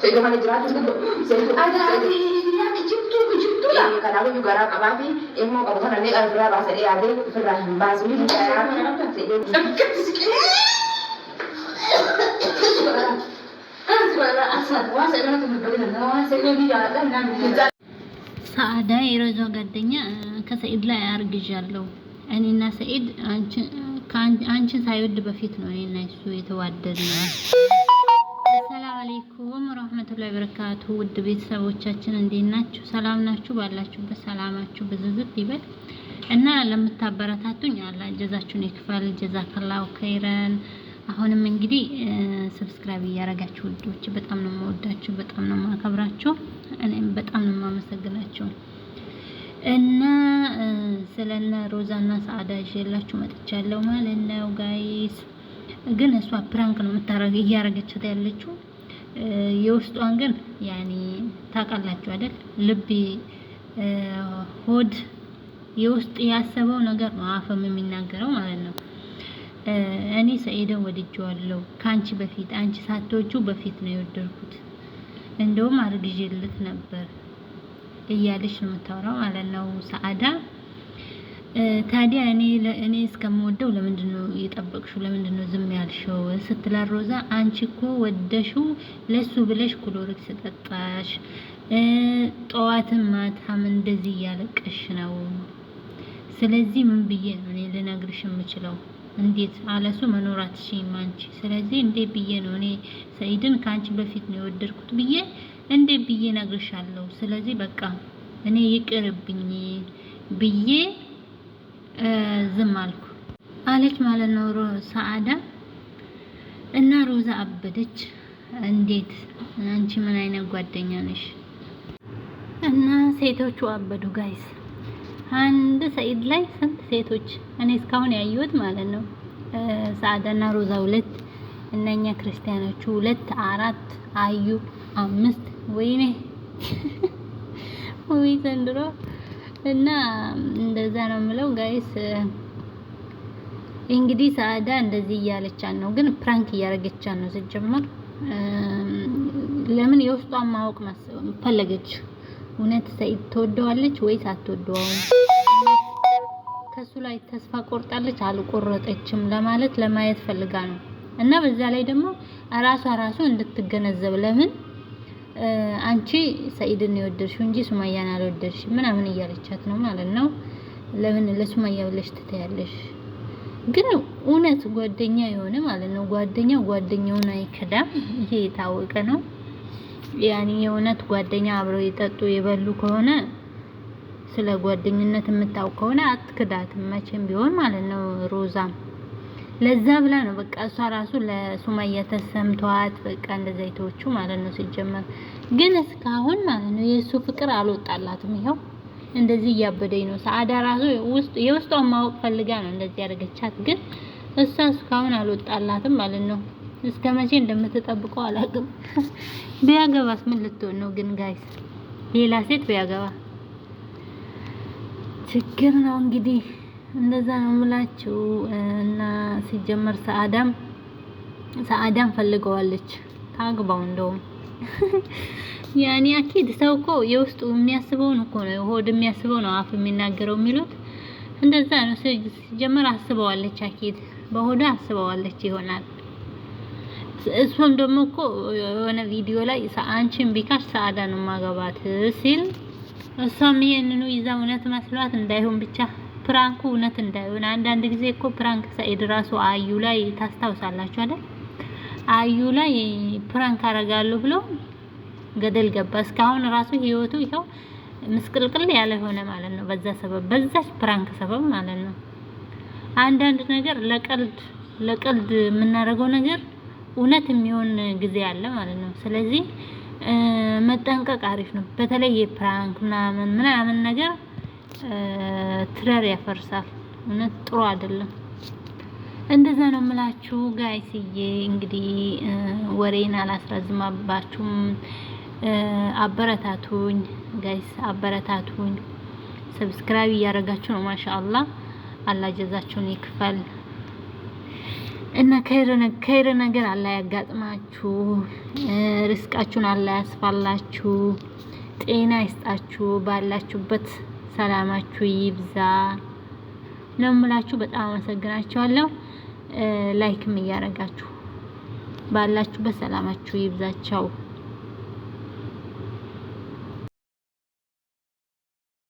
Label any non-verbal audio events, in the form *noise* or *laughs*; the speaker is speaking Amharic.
Seegamana jiraachuun guddoo seetu ajaa'ibu biyyaatti jirtuu jirtuudha. Kanaafuu garaa qabaa fi immoo qabu kana ni irraa baasa dhiyaatee ofirraa hin baasu. Dhaggatti siqee. ሰአዳ የረዟ ጓደኛ ከሰኢድ ላይ አርግዣለሁ። እኔና ሰኢድ አንቺን ሳይወድ በፊት ነው እኔና እሱ የተዋደድነው። አለይኩም ረህመቱላሂ በረካቱ ውድ ቤተሰቦቻችን እንዴት ናችሁ? ሰላም ናችሁ? ባላችሁበት ሰላማችሁ ብዝዝብ ይበል እና ለምታበረታቱኝ አላህ ጀዛችሁን ይክፈል። ጀዛከላሁ ኸይረን። አሁንም እንግዲህ ሰብስክራይብ እያደረጋችሁ ውዶች፣ በጣም ነው የምወዳችሁ፣ በጣም ነው የማከብራችሁ፣ እኔም በጣም ነው የማመሰግናችሁ እና ስለነ ሮዛና ሰዓዳ ይዤላችሁ መጥቻለሁ ማለት ነው ጋይስ ግን እሷ ፕራንክ ነው የምታረገ እያረገቻት ያለችው የውስጧን ግን ያኔ ታውቃላችሁ አይደል? ልብ ሆድ የውስጥ ያሰበው ነገር ነው የሚናገረው ማለት ነው። እኔ ሰኢድን ወድጄዋለሁ። ከአንቺ በፊት አንቺ ሳትወጁ በፊት ነው የወደድኩት። እንደውም አርግዤልት ነበር እያለች ነው የምታወራው ማለት ነው ሰአዳ ታዲያ እኔ እኔ እስከምወደው ለምንድን ነው የጠበቅሽው? ለምንድን ነው ዝም ያልሽው? ስትላ ሮዛ አንቺ እኮ ወደሽው ለሱ ብለሽ ክሎሪክስ ጠጣሽ፣ ጠዋትም ማታም እንደዚህ እያለቀሽ ነው። ስለዚህ ምን ብዬ ነው እኔ ልነግርሽ የምችለው? እንዴት አለሱ መኖር አትችይም አንቺ። ስለዚህ እንዴት ብዬ ነው እኔ ሰኢድን ከአንቺ በፊት ነው የወደድኩት ብዬ እንዴት ብዬ ነግርሻለሁ? ስለዚህ በቃ እኔ ይቅርብኝ ብዬ ዝም አልኩ አለች ማለት ነው ሰዓዳ እና ሮዛ አበደች። እንዴት አንቺ ምን አይነት ጓደኛ ነሽ? እና ሴቶቹ አበዱ ጋይስ አንድ ሰኢድ ላይ ስንት ሴቶች እኔ እስካሁን ያየሁት ማለት ነው። ሰዓዳና ሮዛ ሁለት፣ እነኛ ክርስቲያኖቹ ሁለት፣ አራት፣ አዩ አምስት። ወይኔ ወይ *laughs* ዘንድሮ እና እንደዛ ነው የምለው ጋይስ። እንግዲህ ሰአዳ እንደዚህ እያለቻን ነው፣ ግን ፕራንክ እያደረገቻን ነው ሲጀመር። ለምን የውስጧን ማወቅ ፈለገች? እውነት ሰኢድ ትወደዋለች ወይስ አትወደዋም? ከሱ ላይ ተስፋ ቆርጣለች አልቆረጠችም? ለማለት ለማየት ፈልጋ ነው። እና በዛ ላይ ደግሞ ራሷ ራሱ እንድትገነዘብ ለምን አንቺ ሰኢድን የወደድሽው እንጂ ሱማያን አልወደድሽ ምናምን እያለቻት ነው ማለት ነው። ለምን ለሱማያ ብለሽ ትተያለሽ? ግን እውነት ጓደኛ የሆነ ማለት ነው ጓደኛው ጓደኛውን አይከዳም። ይሄ የታወቀ ነው። ያኔ የእውነት ጓደኛ አብረው የጠጡ የበሉ ከሆነ ስለ ጓደኝነት የምታውቅ ከሆነ አትክዳትም መቼም ቢሆን ማለት ነው ሮዛም ለዛ ብላ ነው በቃ እሷ ራሱ ለሱማያ ተሰምቷት በቃ እንደዛ ይተወቹ ማለት ነው። ሲጀመር ግን እስካሁን ማለት ነው የእሱ ፍቅር አልወጣላትም። ይኸው እንደዚህ እያበደኝ ነው። ሰዓዳ ራሱ የውስጧን ማወቅ ፈልጋ ነው እንደዚህ ያደረገቻት፣ ግን እሷ እስካሁን አልወጣላትም ማለት ነው። እስከ መቼ እንደምትጠብቀው አላውቅም። *laughs* ቢያገባስ ምን ልትሆን ነው? ግን ጋይስ ሌላ ሴት ቢያገባ ችግር ነው እንግዲህ እንደዛ ነው የምላችሁ። እና ሲጀመር ሰአዳም ሰአዳም ፈልገዋለች ታግባው እንደውም *laughs* ያኔ አኪድ ሰው እኮ የውስጡ የሚያስበውን እኮ ነው ሆድ የሚያስበው ነው አፍ የሚናገረው የሚሉት እንደዛ ነው። ሲጀመር አስበዋለች አኪድ በሆዷ አስበዋለች ይሆናል። እሷም ደግሞ እኮ የሆነ ቪዲዮ ላይ አንቺን ቢካሽ ሰአዳ ነው ማገባት ሲል እሷም ይሄንኑ ይዛ እውነት መስሏት እንዳይሆን ብቻ ፕራንኩ እውነት እንዳይሆን አንዳንድ ጊዜ እኮ ፕራንክ ሰኢድ ራሱ አዩ ላይ ታስታውሳላችሁ አይደል? አዩ ላይ ፕራንክ አደርጋለሁ ብሎ ገደል ገባ። እስካሁን ራሱ ህይወቱ ይኸው ምስቅልቅል ያለ ሆነ ማለት ነው። በዛ ሰበብ በዛች ፕራንክ ሰበብ ማለት ነው። አንዳንድ ነገር ለቀልድ ለቀልድ የምናደርገው ነገር እውነት የሚሆን ጊዜ አለ ማለት ነው። ስለዚህ መጠንቀቅ አሪፍ ነው። በተለይ የፕራንክ ምናምን ምናምን ነገር ትዳር ያፈርሳል። እውነት ጥሩ አይደለም። እንደዛ ነው የምላችሁ ጋይስዬ። እንግዲህ ወሬን አላስረዝማባችሁም። አበረታቱኝ ጋይስ፣ አበረታቱኝ። ሰብስክራይብ እያደረጋችሁ ነው። ማሻአላ አላህ ጀዛችሁን ይክፈል እና ከይር ነገር አላህ ያጋጥማችሁ፣ ርስቃችሁን አላህ ያስፋላችሁ፣ ጤና ይስጣችሁ ባላችሁበት ሰላማችሁ ይብዛ ነው የምላችሁ። በጣም አመሰግናችኋለሁ። ላይክም እያደረጋችሁ ባላችሁበት ሰላማችሁ ይብዛቸው።